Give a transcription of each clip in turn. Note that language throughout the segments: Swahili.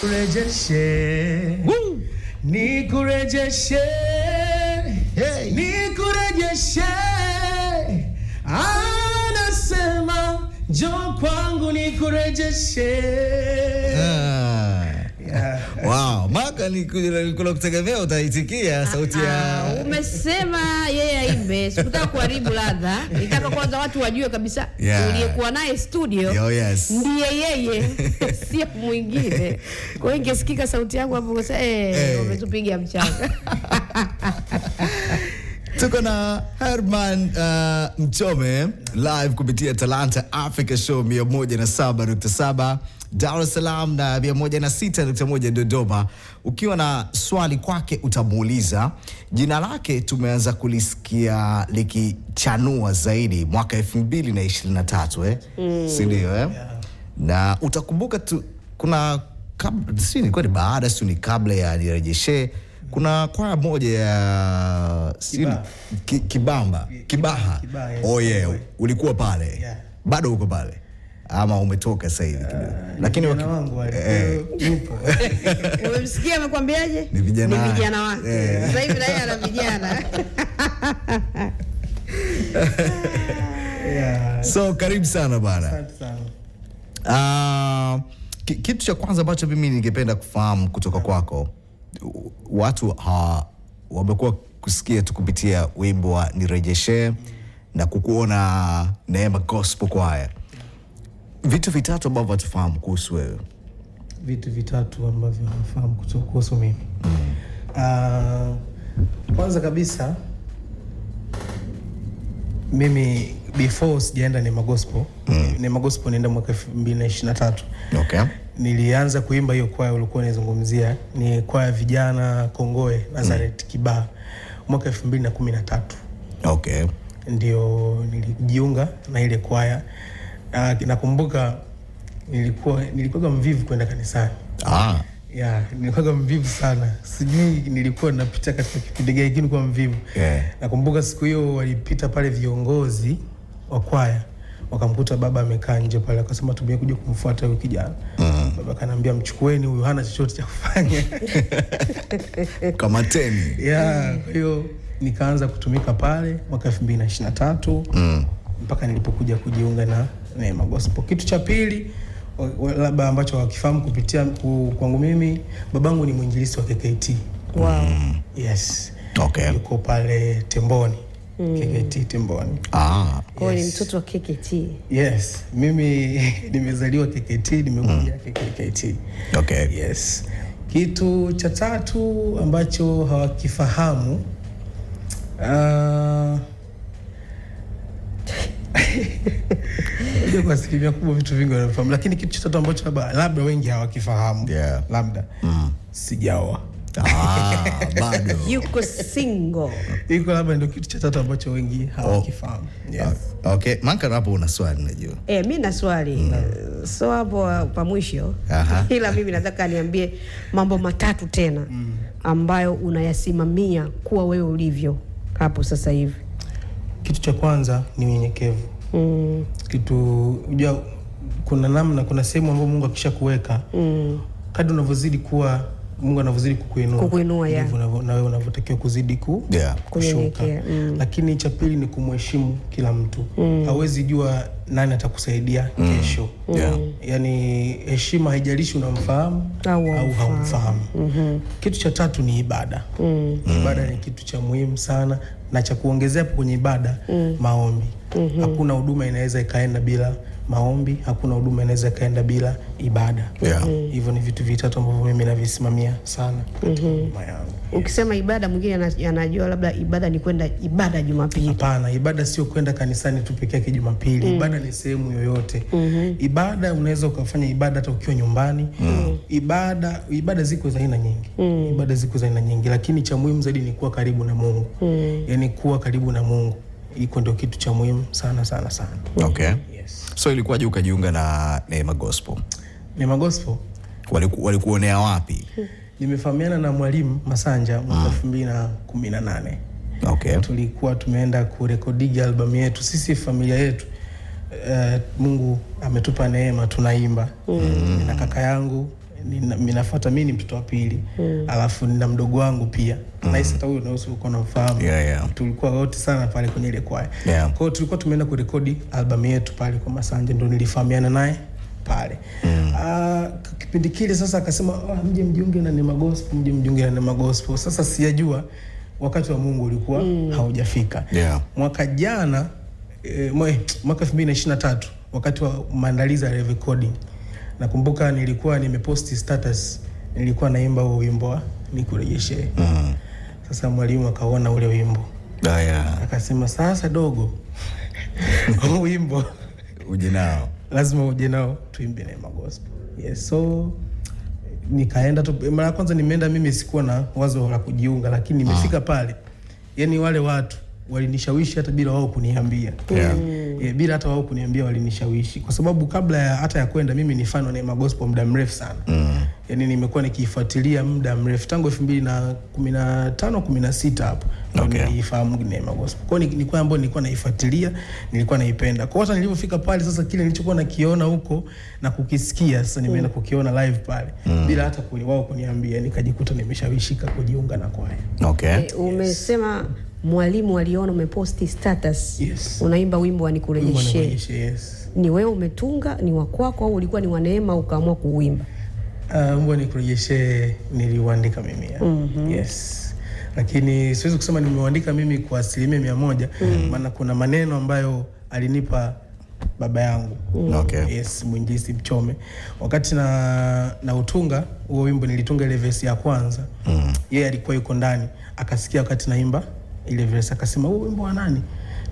Nikurejeshe, nikurejeshe, hey. Nikurejeshe, anasema njoo kwangu nikurejeshe ah. Wow, maka nilikula kutegemea utaitikia sauti ya ah, ah, umesema yeye aimbe. Sikutaka kuharibu ladha, nitaka kwanza watu wajue kabisa yeah. Uliyekuwa naye studio Yo, yes. Ndiye yeye sio mwingine. Kwa hiyo ingesikika sauti yangu hapo, eh, eh. umetupiga mchanga Tuko na Herman uh, Mchome live kupitia Talanta Africa Show 107.7 Dar es Salaam na 106.1 Dodoma. Ukiwa na swali kwake utamuuliza. Jina lake tumeanza kulisikia likichanua zaidi mwaka 2023 eh? Mm. Si eh? Yeah. Na utakumbuka tu, kuna kabla, si ni baada, si ni kabla ya nirejeshe kuna kwaya moja ya Kiba. ki, Kibamba, Kibaha. Kibaha yes. Oh yeah, ulikuwa pale yeah. Bado uko pale ama umetoka sasa hivi ah, kidogo? Lakini wangu yupo eh. umemsikia amekwambiaje? Ni vijana wake eh. sasa hivi, naye ana vijana Yeah. So karibu sana bana. asante sana Uh, kitu cha kwanza ambacho mimi ningependa kufahamu kutoka kwako watu ha, wamekuwa kusikia tu kupitia wimbo wa nirejeshe na kukuona Neema Gospel Choir. Vitu vitatu ambavyo watufahamu kuhusu wewe. Vitu vitatu ambavyo nafahamu kuhusu mimi mm. Uh, kwanza kabisa mimi before sijaenda Neema Gospel mm. Neema Gospel nienda mwaka 2023. Okay nilianza kuimba hiyo kwaya ulikuwa unaizungumzia, ni kwaya vijana Kongoe Nazareth mm. Kibaha mwaka elfu mbili na kumi na tatu okay. Ndio nilijiunga na ile kwaya na nakumbuka nilikuwa nilikuwa mvivu kwenda kanisani ah. Ya, nilikuwa mvivu sana, sijui nilikuwa napita katika kipindi gani, lakini kwa mvivu yeah. Nakumbuka siku hiyo walipita pale viongozi wa kwaya wakamkuta baba amekaa nje pale, akasema tumie kuja kumfuata huyu kijana mm. Baba kanaambia mchukueni huyu, hana chochote cha kufanya kamateni. Yeah, kwa hiyo nikaanza kutumika pale mwaka 2023 mm. mpaka nilipokuja kujiunga na Neema Gospel. Kitu cha pili labda ambacho wakifahamu kupitia kwangu mimi, babangu ni mwinjilisti wa KKT. Wow. Mm. Yes. Okay. Yuko pale Temboni mm. KKT Timboni. Ah. Yes. Ni mtoto wa KKT. Yes, mimi nimezaliwa KKT, nimekuja mm. KKT. Okay. Yes. Kitu cha tatu ambacho hawakifahamu uh, kwa asilimia kubwa vitu vingi wanafahamu, lakini kitu cha tatu ambacho labda wengi hawakifahamu yeah. labda mm. sijaoa Ah, bado yuko single. Iko labda ndio kitu cha tatu ambacho wengi oh. hawakifahamu. Yes. Ah, okay, Mankara hapo una swali najua. Eh, mimi na swali mm. So hapo ah, pa mwisho ila mimi nataka niambie mambo matatu tena mm. ambayo unayasimamia kuwa wewe ulivyo hapo sasa hivi. Kitu cha kwanza ni unyenyekevu mm. kitu unajua kuna namna kuna sehemu ambayo Mungu akishakuweka mm. kadri unavyozidi kuwa Mungu anavyozidi kukuinua kukuinua, na wewe unavyotakiwa kuzidi ku, yeah. kushuka mm. Lakini cha pili ni kumheshimu kila mtu mm. Hawezi jua nani atakusaidia mm. kesho yeah. Mm. Yani heshima haijalishi unamfahamu au haumfahamu mm -hmm. Kitu cha tatu ni ibada mm. Ibada ni kitu cha muhimu sana na cha kuongezea hapo kwenye ibada mm. maombi mm -hmm. Hakuna huduma inaweza ikaenda bila maombi, hakuna huduma inaweza ikaenda bila ibada yeah. mm -hmm. ni vitu vitatu ambavyo mimi navisimamia sana mm -hmm. Ukisema ibada, mwingine anajua labda ibada ni kwenda ibada Jumapili. Hapana, ibada sio kwenda kanisani tu peke yake Jumapili. mm -hmm. Ibada ni sehemu yoyote. mm -hmm. Ibada unaweza ukafanya ibada hata ukiwa nyumbani. mm -hmm. Ibada, ibada ziko za aina nyingi. mm -hmm. Ibada ziko za aina nyingi, lakini cha muhimu zaidi ni kuwa karibu na Mungu. mm -hmm. Yani kuwa karibu na Mungu iko ndio kitu cha muhimu sana sana sana. Okay. Yes. So ilikuwaje ukajiunga na Neema Gospel? Neema Gospel waliku, walikuonea wapi? Nimefahamiana na mwalimu Masanja mwaka ah. elfu mbili na kumi na nane. Okay. Tulikuwa tumeenda kurekodiga albamu yetu sisi familia yetu. Uh, Mungu ametupa neema tunaimba mm. na kaka yangu ninafuata mimi ni mtoto wa pili mm. Alafu nina mdogo wangu pia mm. Nahisi hata huyu nausu uko namfahamu yeah, yeah. Tulikuwa wote sana pale kwenye ile kwaya yeah. Kwa hiyo tulikuwa tumeenda kurekodi albamu yetu pale kwa Masanje, ndo nilifahamiana naye pale mm. Uh, kipindi kile sasa akasema oh, mje mjiunge na Neema Gospel, mje mjiunge na Neema Gospel. Sasa siyajua wakati wa Mungu ulikuwa mm. haujafika yeah. Mwaka jana e, mwaka 2023 wakati wa maandalizi ya recording nakumbuka nilikuwa nimeposti status, nilikuwa naimba huo wimbo wa nikurejeshe. mm. Sasa mwalimu akaona ule wimbo Aya. Ah, Akasema sasa dogo, huu wimbo uje nao, lazima uje nao tuimbe na gospel. Yes, so nikaenda tu. Mara ya kwanza nimeenda mimi sikuwa na wazo la kujiunga, lakini nimefika ah. pale, yani wale watu walinishawishi hata bila wao kuniambia yeah. Mm. Yeah, bila hata wao kuniambia walinishawishi, kwa sababu kabla ya hata ya kwenda, mimi ni fan wa Neema Gospel muda mrefu sana mm. Yani nimekuwa nikiifuatilia muda mrefu tangu elfu mbili na kumi na tano kumi na sita hapo okay. Nilifahamu Neema Gospel kwao, ni kwaya ambayo nilikuwa naifuatilia, nilikuwa naipenda kwao. Hata nilipofika pale sasa, kile nilichokuwa nakiona huko na kukisikia sasa, nimeenda mm. kukiona live pale mm. bila hata wao kuniambia, nikajikuta nimeshawishika kujiunga na kwaya okay. Yes. Eh, umesema mwalimu aliona umeposti status yes. unaimba wimbo wa nikurejeshe yes. ni wewe umetunga, ni wa kwako au ulikuwa ni wa Neema ukaamua kuuimba? Ah, wimbo uh, nikurejeshe niliuandika mimi mm -hmm. yes lakini siwezi kusema nimeuandika mimi kwa asilimia mia moja mm. maana mm. kuna maneno ambayo alinipa baba yangu mm. okay. Yes, Mwinjisi Mchome wakati na, na utunga huo wimbo nilitunga ile ya kwanza mm. yeye alikuwa yuko ndani akasikia wakati naimba ile verse, akasema huu wimbo wa nani?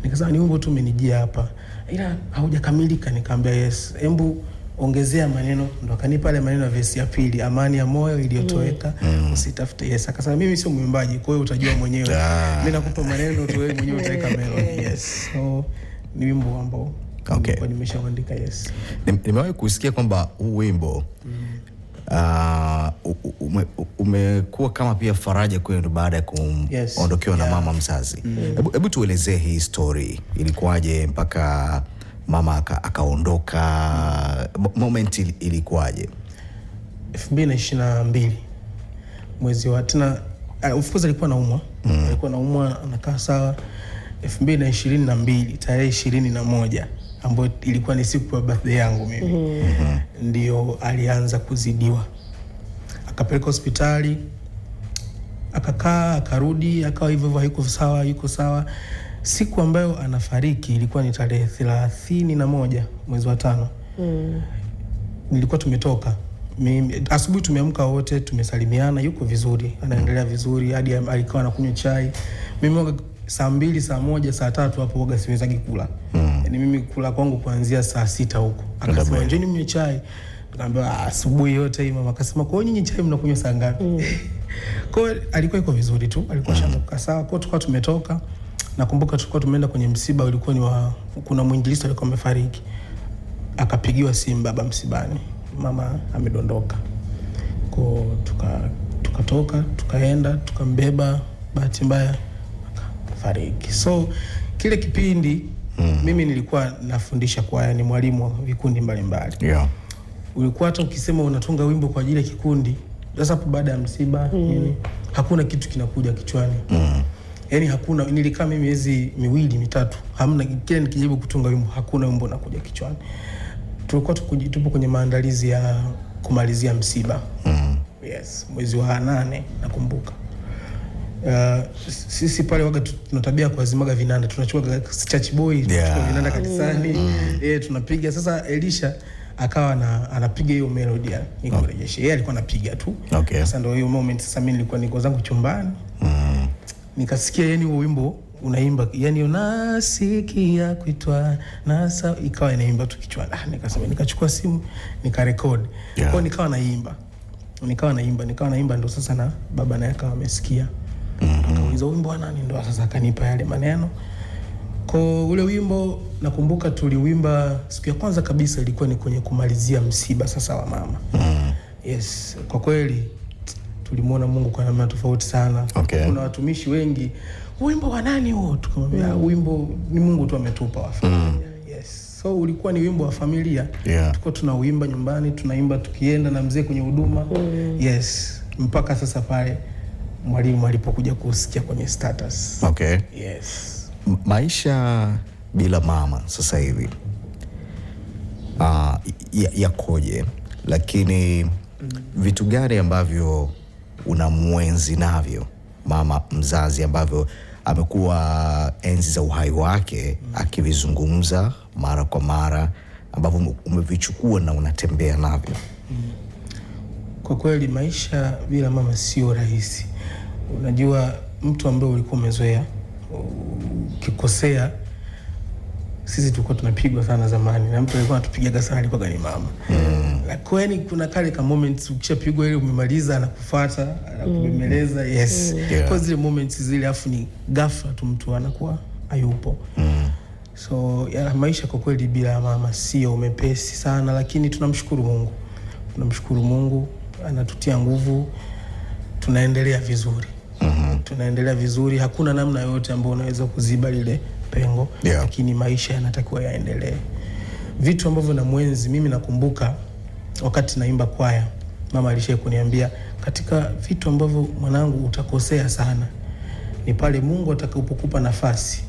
Nikasema ni wimbo tu umenijia hapa, ila haujakamilika. Nikamwambia yes, hebu ongezea maneno, ndo akanipa ile maneno ya verse ya pili, amani ya moyo iliyotoweka mm. mm. Usitafute yes. Akasema mimi sio mwimbaji, kwa hiyo utajua mwenyewe ah. Mimi nakupa maneno tu, wewe mwenyewe utaweka melody yes. So ni wimbo ambao okay. nimeshaandika yes. Nimewahi kusikia kwamba huu wimbo mm uh, umekuwa kama pia faraja kwenu baada ya kuondokewa yes, na mama mzazi. Mm. Hebu mm -hmm. tuelezee hii story ilikuwaje mpaka mama akaondoka aka moment ilikuwaje? elfu mbili na ishirini na mbili mwezi wa tena, ufukuzi uh, alikuwa naumwa mm alikuwa naumwa anakaa sawa elfu mbili na ishirini na mbili tarehe ishirini na moja ambayo ilikuwa ni siku ya birthday yangu mimi mm -hmm. Ndio alianza kuzidiwa, akapeleka hospitali, akakaa, akarudi, akawa hivyo hivyo, yuko sawa, yuko sawa. Siku ambayo anafariki ilikuwa ni tarehe thelathini na moja mwezi wa tano mm. Nilikuwa tumetoka asubuhi tumeamka wote tumesalimiana, yuko vizuri, anaendelea mm. vizuri, hadi alikuwa anakunywa chai. Mimi saa mbili, saa moja, saa tatu hapo waga siwezagi kula mm yani mimi kula kwangu kuanzia saa sita huko. Akasema njoni mnywe chai, nikaambia ah, asubuhi yote hii mama. Akasema kwa nyinyi chai mnakunywa saa ngapi? mm. kwa alikuwa iko vizuri tu, alikuwa mm. shamba sawa, kwa tukawa tumetoka. Nakumbuka tulikuwa tumeenda kwenye msiba, ulikuwa ni wa kuna mwinjilisti alikuwa amefariki, akapigiwa simu, baba msibani, mama amedondoka. Kwa tuka tukatoka tukaenda tukambeba, bahati mbaya akafariki. So kile kipindi mm. Mimi nilikuwa nafundisha kwaya, ni mwalimu wa vikundi mbalimbali yeah. Ulikuwa hata ukisema unatunga wimbo kwa ajili ya kikundi, sasa hapo baada ya msiba mm. yani, hakuna kitu kinakuja kichwani mm. yani hakuna. Nilikaa mimi miezi miwili mitatu, hamna kile, nikijaribu kutunga wimbo hakuna wimbo unakuja kichwani. Tulikuwa tupo kwenye maandalizi ya kumalizia msiba mm. yes, mwezi wa nane nakumbuka Uh, sisi pale waga tunatabia tabia kuwazimaga vinanda, tunachukua church boy yeah. Tunachukua vinanda kanisani mm. mm. tunapiga sasa. Elisha akawa na, anapiga hiyo melody nikurejeshe, yeye alikuwa anapiga tu okay. Sasa ndio hiyo moment sasa, mimi nilikuwa niko zangu chumbani mm. Nikasikia yani huo wimbo unaimba yani, unasikia kuitwa nasa, ikawa inaimba tu kichwa. Ah, nikasema nikachukua simu nikarekodi yeah. Kwa nikawa naimba nikawa naimba nikawa naimba, ndo sasa na baba naye akawa amesikia mm -hmm. Akauliza huyu ndo sasa akanipa yale maneno. Kwa ule wimbo nakumbuka tuliwimba siku ya kwanza kabisa ilikuwa ni kwenye kumalizia msiba sasa wa mama. Mm. Yes, kwa kweli tulimwona Mungu kwa namna tofauti sana. Okay. Kuna watumishi wengi, wimbo wa nani huo? Tukamwambia mm. wimbo ni Mungu tu ametupa wa familia. Mm. Yes. So ulikuwa ni wimbo wa familia. Yeah. Tuko tunauimba nyumbani, tunaimba tukienda na mzee kwenye huduma. Mm. Yes, mpaka sasa pale mwalimu alipokuja kusikia kwenye status. Okay. Yes. Maisha bila mama sasa hivi uh, yakoje ya lakini mm. vitu gani ambavyo unamwenzi navyo mama mzazi ambavyo amekuwa enzi za uhai wake mm. akivizungumza mara kwa mara ambavyo umevichukua na unatembea navyo mm. Kwa kweli maisha bila mama sio rahisi. Unajua mtu ambaye ulikuwa umezoea ukikosea, sisi tulikuwa tunapigwa sana zamani, na mtu alikuwa anatupigaga sana alikuwa ni mama mm. Lakini kuna kale ka moments ukishapigwa ile umemaliza, anakufuata mm. yes mm. yeah. Kwa zile moments zile, afu ni ghafla tu mtu anakuwa hayupo mm. So ya, maisha kwa kweli bila mama sio umepesi sana, lakini tunamshukuru Mungu, tunamshukuru Mungu anatutia nguvu, tunaendelea vizuri mm -hmm. tunaendelea vizuri, hakuna namna yoyote ambayo unaweza kuziba lile pengo yeah. Lakini maisha yanatakiwa yaendelee. Vitu ambavyo na mwenzi, mimi nakumbuka wakati naimba kwaya, mama alishia kuniambia katika vitu ambavyo mwanangu, utakosea sana ni pale Mungu atakapokupa nafasi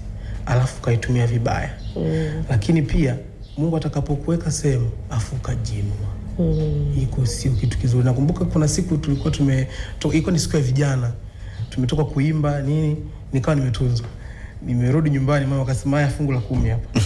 alafu kaitumia vibaya mm. Lakini pia Mungu atakapokuweka sehemu afu ukajinua mm. iko sio kitu kizuri. Nakumbuka kuna siku tulikuwa tume iko ni siku ya vijana, tumetoka kuimba nini, nikawa nimetunzwa nimerudi nyumbani, mama akasema haya, fungu la kumi hapa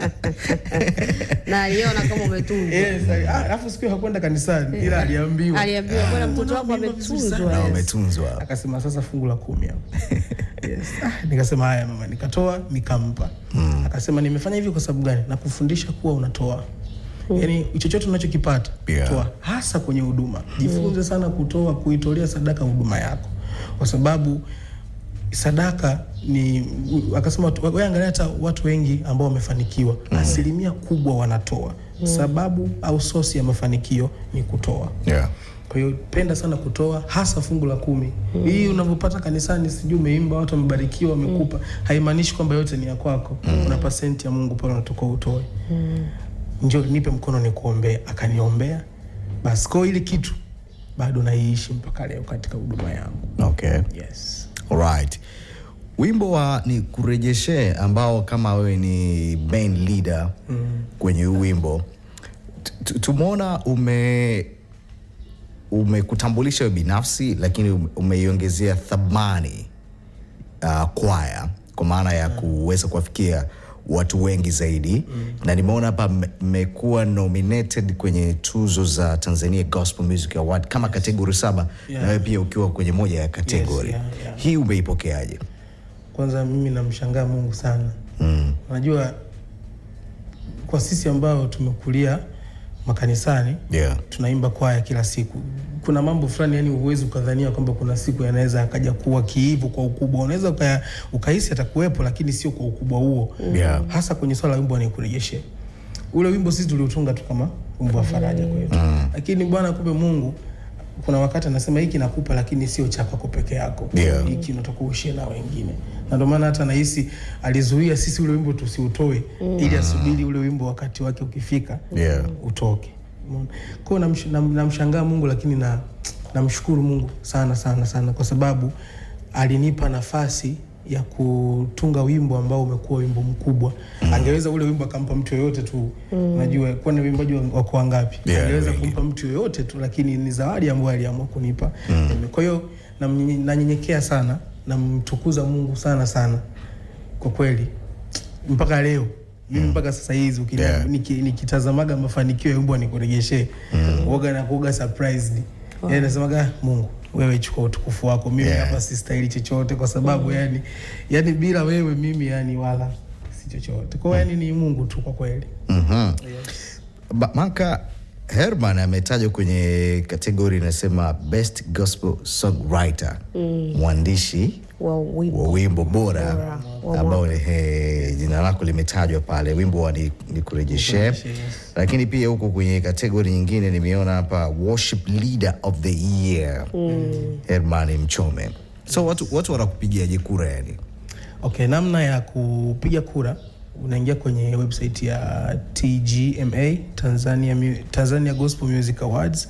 na aliona kama umetunzwa. Yes, ah, alafu siku hakwenda kanisani ila aliambiwa, aliambiwa bwana, ah, mtoto wako ametunzwa, umetunzwa, Akasema sasa fungu la kumi hapa. Yes, ah, nikasema haya mama, nikatoa nikampa. Mm. Akasema nimefanya hivi kwa sababu gani? Nakufundisha kuwa unatoa mm. Yani chochote unachokipata yeah. toa, hasa kwenye huduma mm. jifunze mm. sana kutoa, kuitolea sadaka huduma yako, kwa sababu sadaka ni akasema, wewe angalia hata watu wengi ambao wamefanikiwa mm. asilimia kubwa wanatoa mm. sababu au sosi ya mafanikio ni kutoa yeah. Kwa hiyo penda sana kutoa, hasa fungu la kumi mm. Hii unavyopata kanisani, sijui umeimba, watu wamebarikiwa, wamekupa mm. haimaanishi kwamba yote ni ya kwako mm. Una pasenti ya Mungu pale unatoka utoe mm njo nipe mkono kuombe, Akaniombea basi, kwa ile kitu bado naiishi mpaka leo katika huduma yangu. Okay. Yes. right. Wimbo wa ni kurejeshe ambao kama wewe ni main leader mm. kwenye huu wimbo tumeona ume umekutambulisha binafsi lakini um-, umeiongezea thamani uh, kwaya kwa maana ya mm. kuweza kuwafikia watu wengi zaidi mm. na nimeona hapa mmekuwa nominated kwenye tuzo za Tanzania Gospel Music Award kama kategori saba yeah. na wewe pia ukiwa kwenye moja ya kategori yes, yeah, yeah. Hii umeipokeaje? Kwanza mimi namshangaa Mungu sana mm. Unajua kwa sisi ambao tumekulia makanisani yeah. tunaimba kwaya kila siku kuna mambo fulani yani huwezi ukadhania kwamba kuna siku yanaweza akaja kuwa kiivu kwa ukubwa. Unaweza ukahisi atakuwepo, lakini sio kwa ukubwa huo yeah. Hasa kwenye swala la wimbo anikurejeshe ule wimbo sisi tuliutunga tu kama wimbo wa faraja kwetu mm. Lakini bwana, kumbe Mungu kuna wakati anasema hiki nakupa, lakini sio cha kwako peke yako yeah. Hiki unataka ushie na wengine, na ndio maana hata nahisi alizuia sisi ule wimbo tusiutoe mm. Ili asubiri ule wimbo wakati wake ukifika yeah. utoke. Kwa namshangaa Mungu, lakini na namshukuru Mungu sana sana sana kwa sababu alinipa nafasi ya kutunga wimbo ambao umekuwa wimbo mkubwa. Mm. Angeweza ule wimbo akampa mtu yoyote tu. mm. Najua kwa ni wimbaji wako wangapi? Yeah, angeweza yeah, kumpa mtu yoyote tu lakini ni zawadi ambayo aliamua kunipa. Mm. Kwa hiyo nanyenyekea sana, namtukuza Mungu sana sana kwa kweli mpaka leo mimi mm. mpaka sasa hizi nikitazamaga yeah. mafanikio ya mbwa nikuregeshe mm. woga na kuoga surprised wow. yeye yaani nasemaga Mungu wewe chukua utukufu wako mimi yeah. hapa si stahili chochote kwa sababu mm. yani yani bila wewe mimi yani wala si chochote kwa yaani mm. yani ni Mungu tu kwa kweli mm yes. Maka Herman ametajwa kwenye kategori inasema best gospel songwriter mm. mwandishi wa wimbo, bora, ambao ambao eh, jina lako limetajwa pale, wimbo wa nikurejeshe ni lakini pia huko kwenye kategori nyingine nimeona hapa worship leader of the year mm. Hermani Mchome, so watu, watu wanakupigiaje kura yani? Okay, namna ya kupiga kura unaingia kwenye website ya TGMA Tanzania, Tanzania Gospel Music Awards.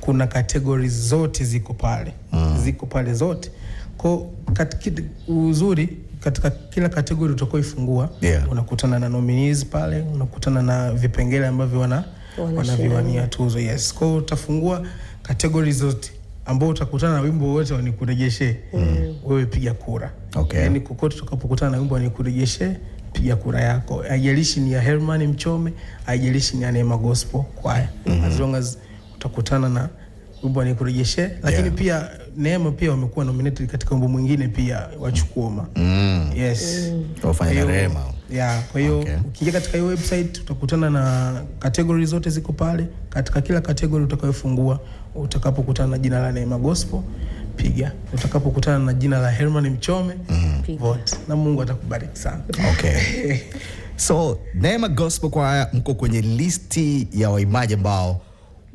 Kuna kategori zote ziko pale mm. ziko pale zote kwa katika uzuri katika kila kategori utakuwa ifungua yeah. Unakutana na nominees pale, unakutana na vipengele ambavyo wana wanaviwania tuzo yes. Kwa utafungua kategori zote ambao utakutana na wimbo wote nikurejeshe mm. Wewe piga kura okay. Yani kokote tukapokutana na wimbo nikurejeshe piga kura yako, haijalishi ni ya Herman Mchome, haijalishi ni ya Neema Gospel Choir mm -hmm. As long as utakutana na Mungu anikurejeshe, lakini yeah. pia Neema pia wamekuwa nominated katika wimbo mwingine pia wa Chukuoma. Mm. Yes. Mm. Wafanya Yeah, kwa hiyo okay. Ukiingia katika hiyo website utakutana na category zote ziko pale. Katika kila category utakayofungua, utakapokutana na jina la Neema Gospel piga, utakapokutana na jina la Herman Mchome mm vote na Mungu atakubariki sana. Okay. So Neema Gospel Choir mko kwenye listi ya waimbaji ambao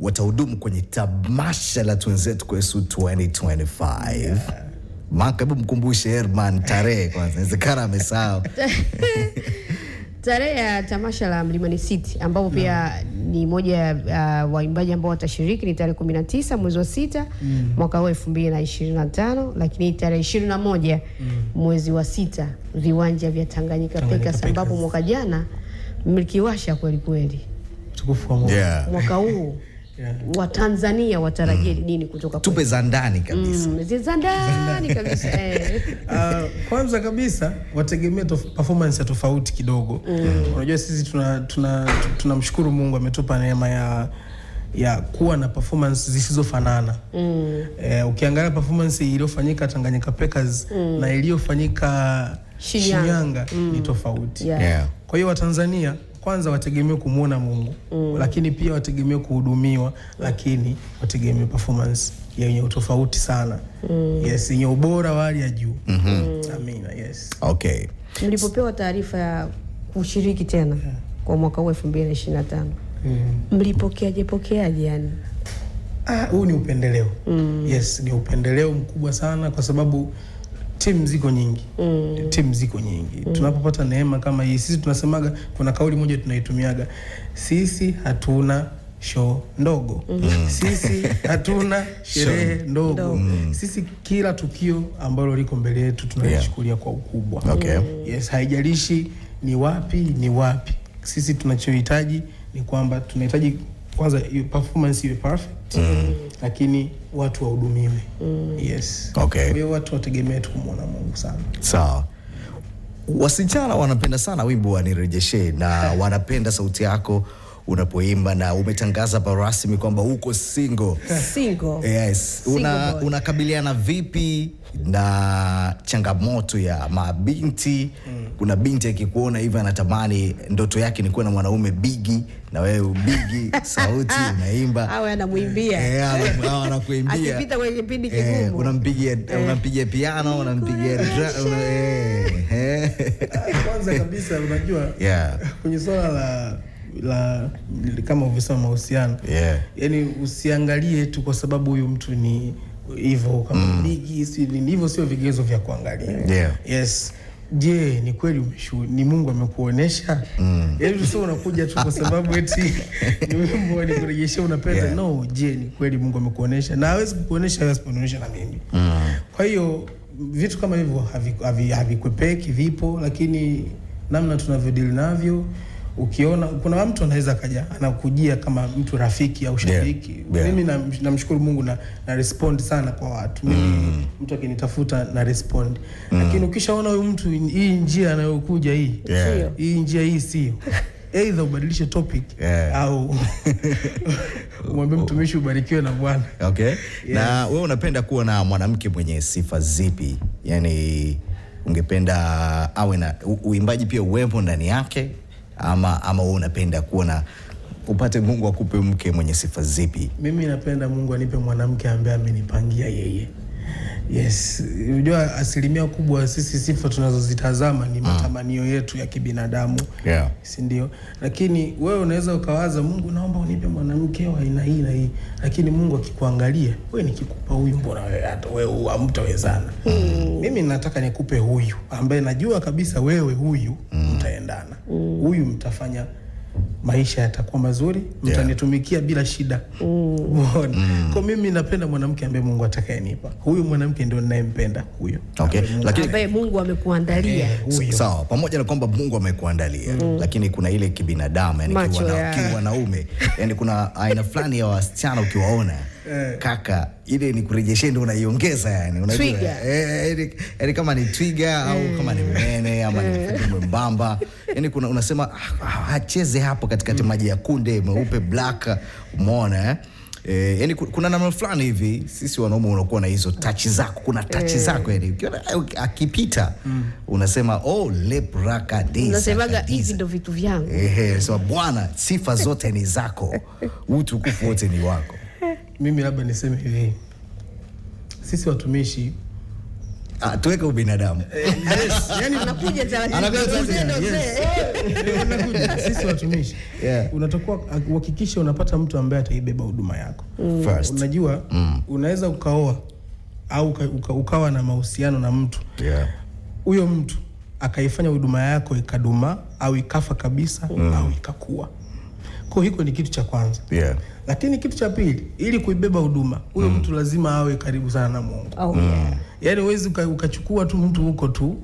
watahudumu kwenye tamasha la Twenzetu kwa Yesu 2025 yeah. Maka, hebu mkumbushe Herman tarehe kwanza, inawezekana amesahau tarehe ya tamasha la Mlimani City ambapo mm. pia ni moja ya uh, waimbaji ambao watashiriki ni tarehe 19 mwezi wa sita mm. mwaka huu tano lakini tarehe moja mm. mwezi wa sita viwanja vya Tanganyika, Pekas ambapo mwaka jana mlikiwasha kwelikweli kweli kweli, yeah. mwaka huu yeah. Watanzania watarajie mm. nini kutoka tupe za ndani kabisa mm, za ndani kabisa eh. Uh, kwanza kabisa wategemea performance ya tofauti kidogo mm. Unajua sisi tunamshukuru tuna, tuna Mungu ametupa neema ya ya kuwa na performance zisizofanana mm. Eh, ukiangalia performance iliyofanyika Tanganyika Packers mm. na iliyofanyika Shinyanga, Shinyanga mm. ni tofauti yeah. Yeah. Kwa hiyo Watanzania kwanza wategemee kumwona Mungu mm. lakini pia wategemee kuhudumiwa, mm. lakini wategemee performance yenye utofauti sana mm. yes, yenye ubora wa hali ya juu mm-hmm. mm -hmm. Amina, yes. Okay. Mlipopewa taarifa ya kushiriki tena yeah. kwa mwaka huu 2025 mm. mlipokeaje pokeaje yani? Ah, huu ni upendeleo mm. yes, ni upendeleo mkubwa sana kwa sababu timu ziko nyingi mm. timu ziko nyingi mm. tunapopata neema kama hii, sisi tunasemaga, kuna kauli moja tunaitumiaga, sisi hatuna show ndogo mm. mm. sisi hatuna sherehe ndogo mm. sisi kila tukio ambalo liko mbele yetu tunalichukulia yeah. kwa ukubwa okay. yes, haijalishi ni wapi ni wapi, sisi tunachohitaji ni kwamba tunahitaji kwanza performance iwe perfect mm. Lakini watu wahudumiwe mm. Yes, okay. Kwa hiyo watu wategemee tu kumwona Mungu sana. Sawa. Wasichana wanapenda sana wimbo wa Nirejeshe na wanapenda sauti yako unapoimba na umetangaza pa rasmi kwamba uko single. Single. Yes. Una, unakabiliana vipi na changamoto ya mabinti? Mm. Kuna binti akikuona hivi anatamani ndoto yake ni kuwa na mwanaume bigi na wewe bigi sauti unaimba. Awe anamuimbia. Eh, awe anakuimbia. Akipita kwenye kipindi eh, kigumu. Unampigia eh. unampigia piano, unampigia drum. Eh, eh. Kwanza kabisa unajua yeah. Kwenye swala la la kama ulivyosema mahusiano yeah. Yani usiangalie tu kwa sababu huyu mtu ni hivyo kama mm. ligi si hivyo sio vigezo vya kuangalia yeah. yes Je, ni kweli umeshu, ni Mungu amekuonesha? mm. Yani sio unakuja tu kwa sababu eti ni Mungu anikurejesha una pesa yeah. No, je, ni kweli Mungu amekuonesha? Na hawezi kukuonesha hawezi kuonesha na mimi mm. Kwa hiyo vitu kama hivyo havikwepeki, havi, havi vipo, lakini namna deal navyo ukiona kuna mtu anaweza kaja anakujia kama mtu rafiki au shabiki yeah, yeah. Mimi namshukuru na Mungu na, na respond sana kwa watu mimi mm. Mtu akinitafuta na respond mm. Lakini ukishaona huyu mtu hii njia anayokuja hii yeah. Hii njia hii sio Aidha ubadilishe topic yeah. au umwambie oh. mtumishi ubarikiwe na Bwana. Okay. Yes. Na wewe unapenda kuwa na mwanamke mwenye sifa zipi? yani ungependa awe na uimbaji pia uwepo ndani yake ama, ama wewe unapenda kuona upate Mungu akupe mke mwenye sifa zipi? Mimi napenda Mungu anipe mwanamke ambaye amenipangia yeye. Yes, unajua asilimia kubwa sisi sifa tunazozitazama ni mm. matamanio yetu ya kibinadamu yeah. si ndio? Lakini wewe unaweza ukawaza, Mungu naomba unipe mwanamke wa aina hii na hii, lakini Mungu akikuangalia wewe, nikikupa huyu, mbona wewe hata wewe hamtawezana. mm. Mimi nataka nikupe huyu ambaye najua kabisa wewe huyu mm mtaendana, huyu mm. mtafanya maisha yatakuwa mazuri, mtanitumikia yeah. bila shida mm. mm. kwa mimi napenda mwanamke ambaye Mungu atakayenipa huyu mwanamke ndio ninayempenda huyo, okay. lakini ambaye Mungu amekuandalia eh, sawa, pamoja na kwamba Mungu amekuandalia mm. lakini kuna ile kibinadamu, yani kiwanaume, yani kuna aina fulani ya wasichana ukiwaona Eh. Kaka, ile ni kurejeshe ndo unaiongeza yani, unajua eh, ile, ile kama ni twiga au eh. kama ni mene ama ni eh. mfupi mwembamba yani kuna unasema acheze ah, ah, ah hapo katikati maji ya kunde meupe black, umeona eh eh, yani kuna namna fulani hivi sisi wanaume unakuwa na hizo touch zako, kuna touch zako yani ukiona akipita mm, unasema oh lebraka days, unasemaga hivi ndio vitu vyangu eh, so bwana, sifa zote ni zako, utukufu wote ni wako mimi labda niseme hivi, sisi watumishi ah, tuweke ubinadamu. Eh, sisi watumishi unatakuwa uhakikishe unapata mtu ambaye ataibeba huduma yako mm. first. Unajua mm. unaweza ukaoa au uka, ukawa na mahusiano na mtu huyo yeah. mtu akaifanya huduma yako ikadumaa au ikafa kabisa mm. au ikakua. Kwa hiko ni kitu cha kwanza yeah. Lakini kitu cha pili, ili kuibeba huduma huyo mm. mtu lazima awe karibu sana na Mungu. oh, yeah. Mm. Yaani huwezi ukachukua tu mtu huko tu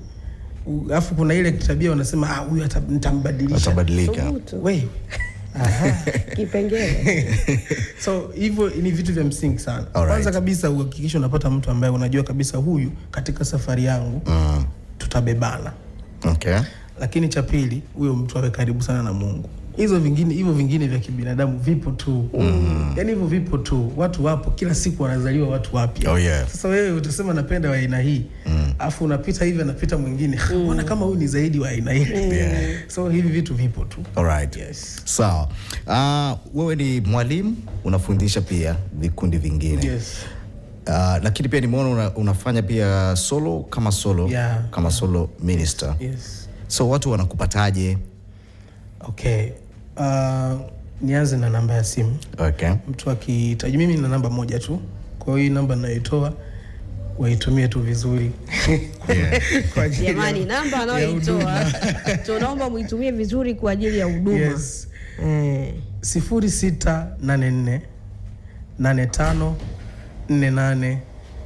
alafu kuna ile tabia wanasema ah, huyu nitambadilisha atabadilika wewe kipengele so hivyo ni vitu vya msingi sana. Kwanza kabisa uhakikisha unapata mtu ambaye unajua kabisa huyu katika safari yangu mm. tutabebana. Okay. Lakini cha pili huyo mtu awe karibu sana na Mungu hizo vingine hivyo vingine vya kibinadamu vipo tu mm. Yani hivyo vipo tu, watu wapo, kila siku wanazaliwa watu wapya. oh, yeah. Sasa wewe utasema napenda wa aina hii mm. Afu unapita hivi anapita mwingine mm. Ona kama huyu ni zaidi wa aina hii mm. yeah. So hivi vitu vipo tu. Alright. Yes. Sawa. So, uh, ah, wewe ni mwalimu unafundisha pia vikundi vingine yes. Uh, lakini pia nimeona una, unafanya pia solo kama solo yeah. Kama solo minister yes. So watu wanakupataje? Okay. Uh, nianze na namba ya simu. Okay. Mtu akihitaji, mimi na namba moja tu, kwa hiyo namba ninayoitoa waitumie tu vizuri. Jamani, namba anayoitoa tunaomba muitumie vizuri kwa ajili ya huduma. Yes. Eh. sifuri sifuri sita nane nane nane nne nne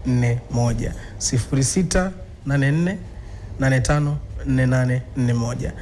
nne tano moja sita nane nne nane tano nne nane nne moja.